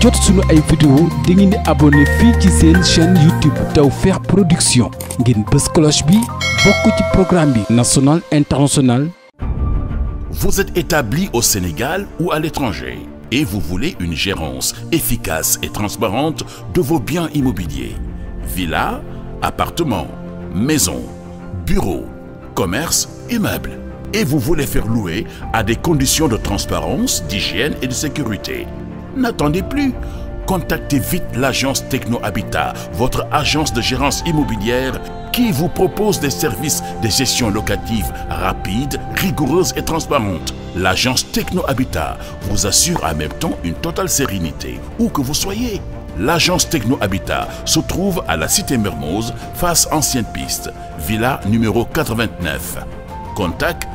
jot suñu ay vidéo da ngeen di abonné fii ci seen chaîne Production ngeen bës cloche bi bokk bi national international Vous êtes établi au Sénégal ou à l'étranger et vous voulez une gérance efficace et transparente de vos biens immobiliers villas, appartements, maisons, bureaux, commerces, immeubles et vous voulez faire louer à des conditions de transparence, d'hygiène et de sécurité N'attendez plus. Contactez vite l'agence Techno Habitat, votre agence de gérance immobilière qui vous propose des services de gestion locative rapide, rigoureuse et transparente. L'agence Techno Habitat vous assure en même temps une totale sérénité, où que vous soyez. L'agence Techno Habitat se trouve à la cité Mermoz, face ancienne piste, villa numéro Contact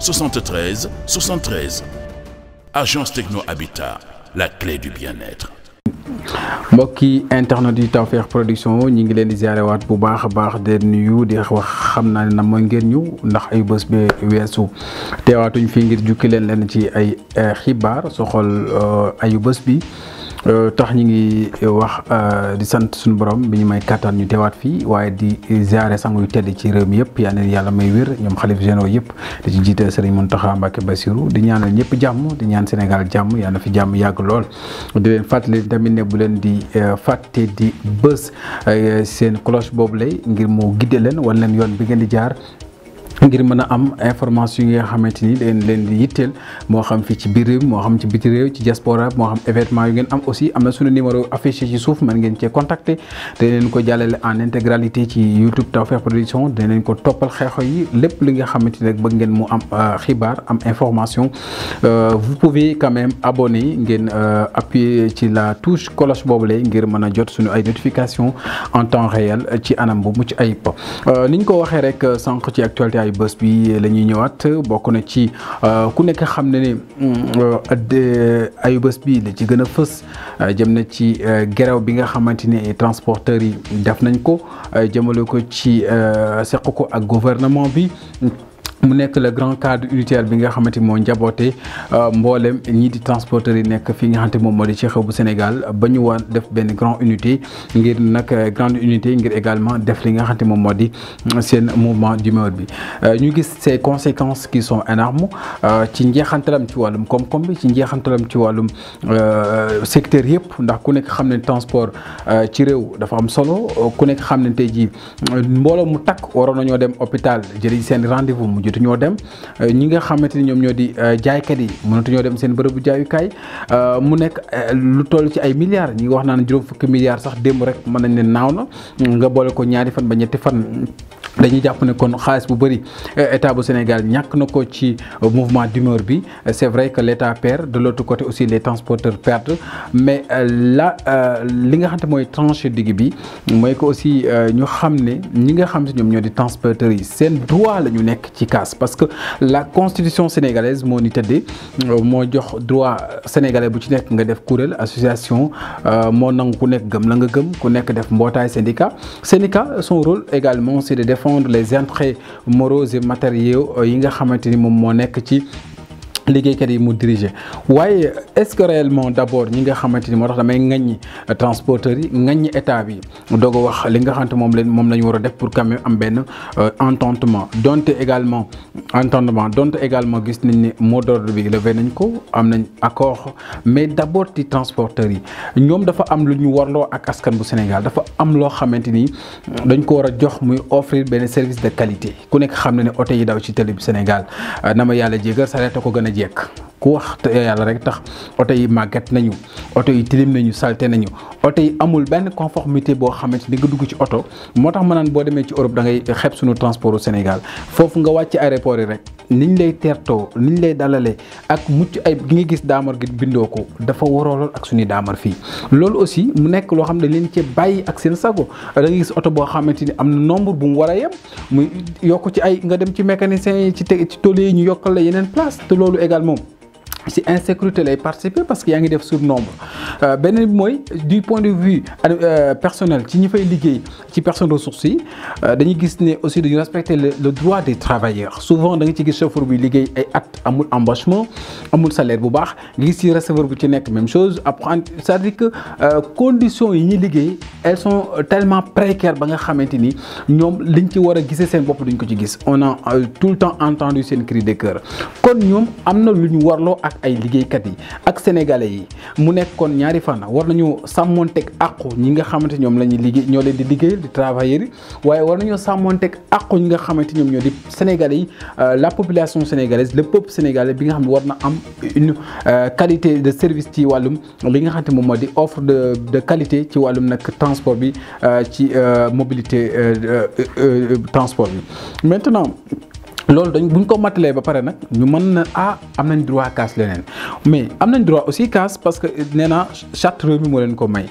73 73 agence techno habitat la clé du bien-être. mbokki internet yi Tawfekh production ñi ngi leen di ziarewaat bu baax a baax de nuyu di wax xam naa ne na mooy ngeen ñu ndax ay bés be weesu te waatuñ fii ngir jukki leen leen ci ay eh, xibaar soxal eh, ayu bés bi. Euh, tax ñu ngi euh, wax euh, di sant suñu borom bi ñu may kattan ñu teewaat fii waaye di ziare sangu yu tedd ci réew mi yëpp yaa neen yàlla may wér ñoom xalif généraux yëpp di ci jiite sëriñ Mountakha Mbacké Bassirou di ñaanal ñëpp jàmm di ñaan Sénégal jàmm yàlla fi jàmm yàgg lool di leen fàttali tamit ne bu leen di fàtte di bës seen cloche boobu lay ngir mu gidde leen wan leen yoon bi ngeen di jaar ngir mën a am information yi nga xamante ni leen yitteel moo xam fii ci biir réew moo xam ci biti ci diaspora moo xam événement yu ngeen am aussi am na suñu numéro affiché ci suuf mën ngeen cee contacter dañ leen ko jàllale en intégralité ci YouTube Tawfekh Production dañ leen ko toppal xeexo yi lépp li nga xamante ni rek bëgg ngeen mu am euh, xibaar am information euh, vous pouvez quand même abonner ngeen euh, appuyer ci la touche cloche boobule ngir mën a jot suñu ay notification en temps réel ci anam bu mucc ayib niñ yéenekaay bés bi la ñuy ñëwaat bokk na ci euh, ku nekk xam ne ne euh, ayu bés bi la ci gën a fës euh, jëm na ci grève bi nga xamante ne transporteurs yi def nañ ko jëmale ko ci seq ko ak gouvernement bi mu nekk le grand cadre unitaire bi nga xamante ni moo njaboote euh, mboolem ñii di transporteurs yi nekk fi nga xamante moom moo di ci xew bu Sénégal ba ñu war def benn grand unité ngir nag euh, grande unité ngir également def li nga xamante moom moo di euh, seen mouvement d'humeur bi ñu gis ces conséquences qui sont énormes ci njeexantalam ci wàllum koom-koom bi ci njeexantalam ci wàllum secteur yëpp ndax ku nekk xam ne transport ci réew dafa am solo ku nekk xam ne tey jii mu takk mënatuñoo dem euh, ñi nga xamante ni ñoom ñoo di euh, jaaykat yi mënatuñoo dem seen bërëbu jaayukaay euh, mu nekk lu toll ci ay milliards ñi nga wax naan juróom fukki milliards sax démb rek mën nañ ne naaw na nga boole ko ñaari fan ba ñetti fan. dañuy jàpp ne kon xaalis bu bëri eh, état bu Sénégal ñàkk na ko ci mouvement d'humeur bi c' est vrai que l' état perd de l' autre côté aussi les transporteurs perdent mais euh, la euh, li nga xamante mooy tranche digg bi mooy que aussi euh, ñu xam ne ñi nga xam si ñoom ñoo di transporteurs yi seen droit la ñu nekk ci kaas parce que la constitution sénégalaise moo ni tëddee moo jox droit sénégalais bu ci nekk nga def kuréel association moo nangu ku nekk gëm la nga gëm ku nekk def mbootaay syndicat syndicat son rôle également c'est de def refondre les entrées moroses et matériaux yi nga xamante ni moom moo nekk ci liggéeykat yi mu diriger waaye est-ce que réellement d'abord ñi nga xamante ni moo tax damay ŋaññi transporteurs yi ŋaññi état bi doog a wax li nga xamante moom lañ moom la ñu war a def pour quand même am benn euh, entendement donte également entendement donte également gis nañ ne mot d'ordre bi levé nañ ko am nañ accord mais d'abord ci transporteurs yi ñoom dafa am lu ñu warloo ak askan bu Sénégal dafa am loo xamante ni dañ ko war a jox muy offrir benn service de qualité ku nekk xam na ne oto yi daw ci télé bi Sénégal euh, na jekk ku wax te yàlla rek tax oto yi màggat nañu oto yi tilim nañu salté nañu oto yi amul benn conformité boo xamante ni nga dugg ci oto moo tax ma naan boo demee ci Europe da ngay xeeb suñu transport au Sénégal foofu nga wàcc aéroport yi rek niñ lay teertoo niñ lay dalalee ak mucc ay gi nga gis daamar gi bindoo ko dafa warool ak suñuy daamar fii loolu aussi mu nekk loo xam ne leen cee bàyyi ak seen sago da gis oto boo xamante ni am na nombre bu mu war a yem muy yokk ci ay nga dem ci mécanicien yi ci te ci tool yi ñu yokkal la yeneen place te loolu également si insécurité lay participer parce que yaa ngi def surnombre euh, beneen bi mooy du point de vue euh, personnel ci ñi fay liggéey ci personne ressource yi euh, dañuy gis ne aussi dañu respecter le droit des travailleurs souvent da nga ci gis chauffeur bi liggéey ay at amul embauchement amul salaire bu baax nga gis ci receveur bu ci nekk même chose apprendre c'est-à-dire que conditions yi ñu liggéey elles sont tellement précaires ba nga xamante ni ñoom liñ ci war a gisee seen bopp duñ ko ci gis on a tout le temps entendu seen cri de cœur ñu warloo ak ak ay liggéeykat yi ak sénégalais yi mu nekkoon ñaari fan war nañu sàmmoonteeg àqu ñi nga xamante ñoom la ñuy liggéey ñoo leen di liggéeyal di travailleurs yi waaye war nañoo sàmmoonteeg àqu ñi nga xamante ñoom ñoo di sénégalais yi euh, la population sénégalaise le pëpp sénégalais bi nga xam ne war na am une euh, qualité de service ci wàllum li nga xam ne moom moo di offre de de qualité ci wàllum nag transport bi euh, ci mobilité transport bi loolu dañ buñ ko matalee ba pare nag ñu mën na ah am nañ droit casse leneen mais am nañ droit aussi casse parce que nee naa charte réew mi moo leen ko may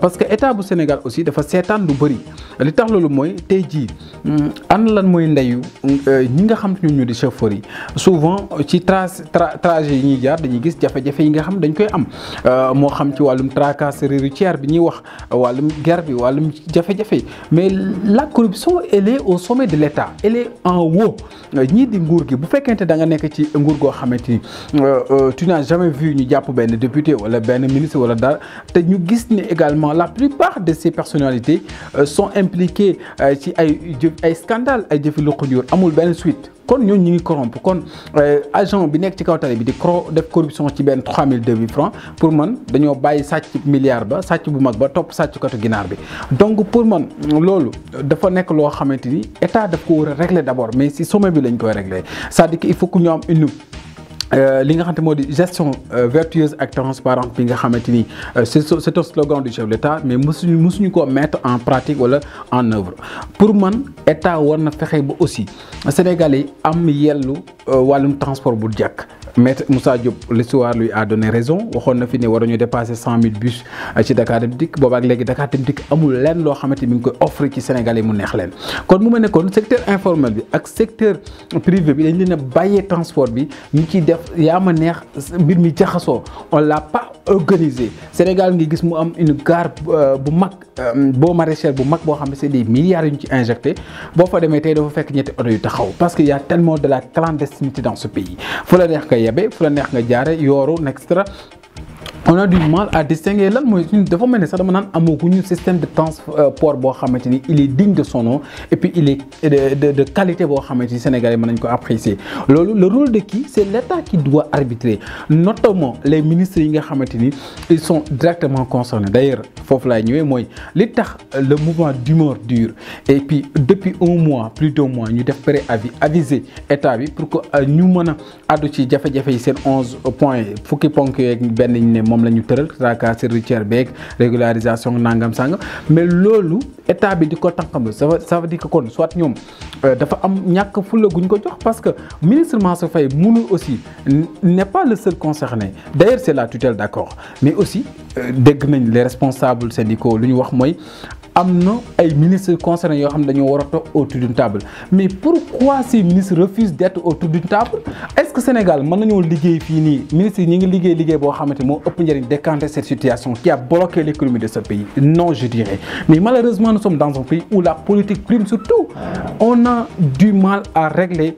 parce que état bu Sénégal aussi dafa seetaan lu bëri li tax loolu mooy tey jii mm, an lan mooy ndeyu euh, ñi nga xam te ñu di chauffeur yi souvent ci tra trace trajet yi ñuy jaar dañuy gis jafe-jafe yi nga xam dañ koy am euh, moo xam ci wàllum tracasserie routière bi ñuy wax wàllum guerre bi wàllum jafe-jafe mais la corruption elle au sommet de l' état elle est en ñii di nguur gi bu fekkente da nga nekk ci nguur goo xamante ni euh, euh, tu n'as jamais vu ñu jàpp benn député wala benn ministre wala dara te ñu gis ni également la plupart de ces personnalités euh, son impliquées ci ay jëf ay scandale ay jëfi lu amul benn suite kon ñooñu ñu ngi corrompre kon euh, agent bi nekk ci kaw tali bi di cro def corruption ci benn 3002 bi francs pour man dañoo bàyyi sàcc milliard ba sàcc bu mag ba topp sàcckatu ginaar bi donc pour man loolu dafa nekk loo xamante ni état daf ko war a régler d'abord mais si sommet bi lañ koy régler c'est-à-dire que il faut que ñu am une Euh, li nga xam xamante moo di gestion euh, vertueuse ak transparente bi nga xamante ni euh, c'est c'est un slogan du chef de l'État mais mësuñu mësuñu ko mettre en pratique wala en œuvre pour man état war na fexe ba aussi Sénégal yi am yellu wàllum transport bu jàkk maître Moussa Diop l'histoire lui a donné raison waxoon na fi ne waruñu dépasser cent mille bus ci Dakar Dem Dikk boobaak léegi Dakar Dem Dikk amul lenn loo xamante mi ngi koy offrir ci Sénégalais mu neex leen kon mu ma ne secteur informel bi ak secteur privé bi dañ leen a bàyyee transport bi ñu ciy def yaa ma neex mbir mi jaxasoo on l'a pas organisé Sénégal ngi gis mu am une gare euh, bu mag euh, boo maraîchère bu mag boo xam ne c'est des milliards ñu ci injecté boo fa demee tey dafa fekk ñetti oto yu taxaw parce que de la clandestinité dans yebe fu la neex nga jaare yooru next on a du à distinguer lan mooy suñ dafa mel ne sax dama naan amaguñu système de transport boo xamante ni il est digne de son nom et puis il est de qualité boo xamante ni Sénégalais mën nañ ko apprécier loolu le rôle de qui c' est l' état qui doit arbitrer notamment les ministres yi nga xamante ni ils sont directement concernés d' ailleurs foofu laay ñëwee mooy li tax le mouvement d'humeur dure et puis depuis un mois plus d' un mois ñu def préavis aviser état bi pour que euh, ñu mën a àddu ci jafe yi seen onze points fukki ponk moom la ñu tëral tracas routière beeg régularisation nangam sangam mais loolu état bi di ko tànqamlu ça veut ça veut kon soit ñoom euh, dafa am ñàkk fulla guñ ko jox parce que ministre Mansour Faye mënul aussi n'est pas le seul concerné d'ailleurs c'est la tutelle d'accord mais aussi euh, dégg nañ les responsables syndicaux lu ñu wax mooy am na ay ministres concernés yoo xam ne dañoo war a toog autour d'une table mais pourquoi ces ministres refusent d'être autour d'une table est-ce que Sénégal mën nañoo liggéey fii nii ministres ñi ngi liggéey liggéey boo xamante moo ëpp njëriñ décanter cette situation qui a bloqué l'économie de ce pays non je dirais mais malheureusement nous sommes dans un pays la politique prime surtout on a du mal à régler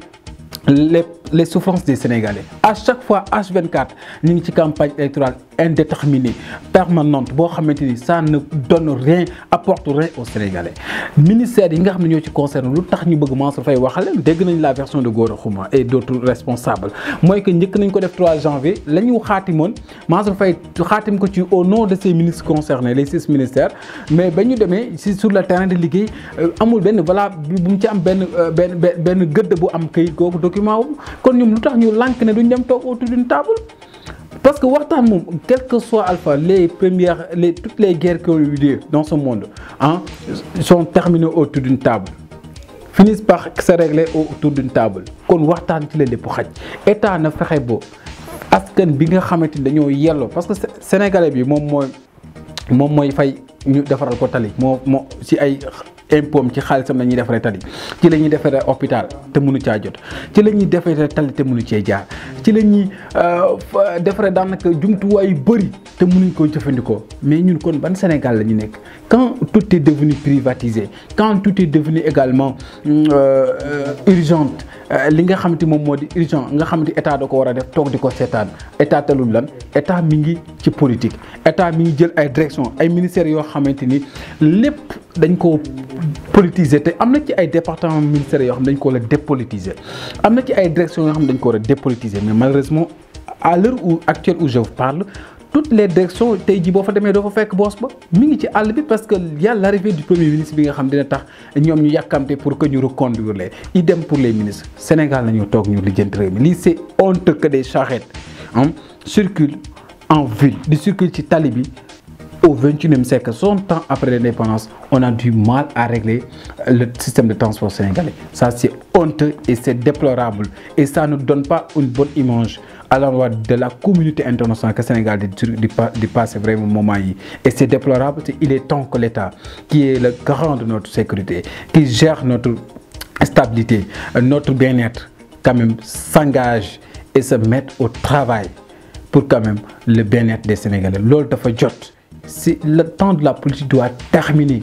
les souffrances des Sénégalais à chaque fois H24 ngi ci campagne électorale indéterminée permanente boo xamante ni ça ne donne rien apporte rien aux Sénégalais ministère yi nga xam ne ñoo ci concerne lu tax ñu bëgg Mansour Faye waxale dégg nañ la version de Gora Khouma et d' responsables mooy que njëkk nañ ko def trois janvier la ñu xaatimoon Mansour Faye xaatim ko ci au non de ses ministres concernés les six ministères mais ba ñu demee si sur le terrain de liggéey euh, amul benn voilà bu mu ci am euh, benn benn benn gëdd bu am këyit googu document kon ñoom lu tax ñu lànk ne duñ dem toog autour d'une table parce que waxtaan moom quel que soit alpha les première les toutes les guerres que vous vivez dans ce monde ah sont terminées autour d'une table finissent par se régler autour d'une kon waxtaan ci la lépp xaj état na fexe ba askan bi nga xamante ni dañoo yelloo parce que sénégalais bi moom mooy moom mooy fay ñu defaral ko tali moo moo ci ay impôt ci xaalisam la ñuy defaree tali ci la ñuy defaree hôpital te munu caa jot ci la ñuy defaree tali te mënu cee jaar ci la ñuy euh, defaree daanaka jumtuwaay yu bëri te munuñ koo jëfandikoo mais ñun kon ban Sénégal la ñu nekk quand tout est devenu privatisé quand tout est devenu également euh, euh, urgente Euh, li nga xamante moom moo di urgent nga xamante état da ko war a def toog di ko seetaan état talul lan état mi ngi ci politique état mi ngi jël ay direction ay ministères yoo xamante ni lépp dañ ko politiser te am na ci ay département ministères yoo xam dañ ko war a dépolitiser am na ci ay direction yoo xam dañ ko war a dépolitiser mais malheureusement à l'heure où actuelle où je vous parle toutes les directions tey jii boo fa demee doo fa fekk boos ba mi ngi ci àll bi parce que yàlla l'arrivée du premier ministre bi nga xam dina tax ñoom ñu yàkkamte pour que ñu reconduire les idem pour les ministres Sénégal nañu toog ñu lijjanti réew mi lii c'est honte que des charrettes am en ville di circule ci tali bi au vingt-et-unième siècle soixante ans après l'indépendance on a du mal à régler euh, le système de transport sénégalais ça c'est honteux et c'est déplorable et ça ne donne pas alors de la communauté internationale que le Sénégal de passer vraiment moment yi et c'est déplorable il est temps que l'État qui est le garant de notre sécurité qui gère notre stabilité notre bien-être quand même s'engage et se mettre au travail pour quand même le bien-être des Sénégalais loolu dafa jot si le temps de la politique doit terminer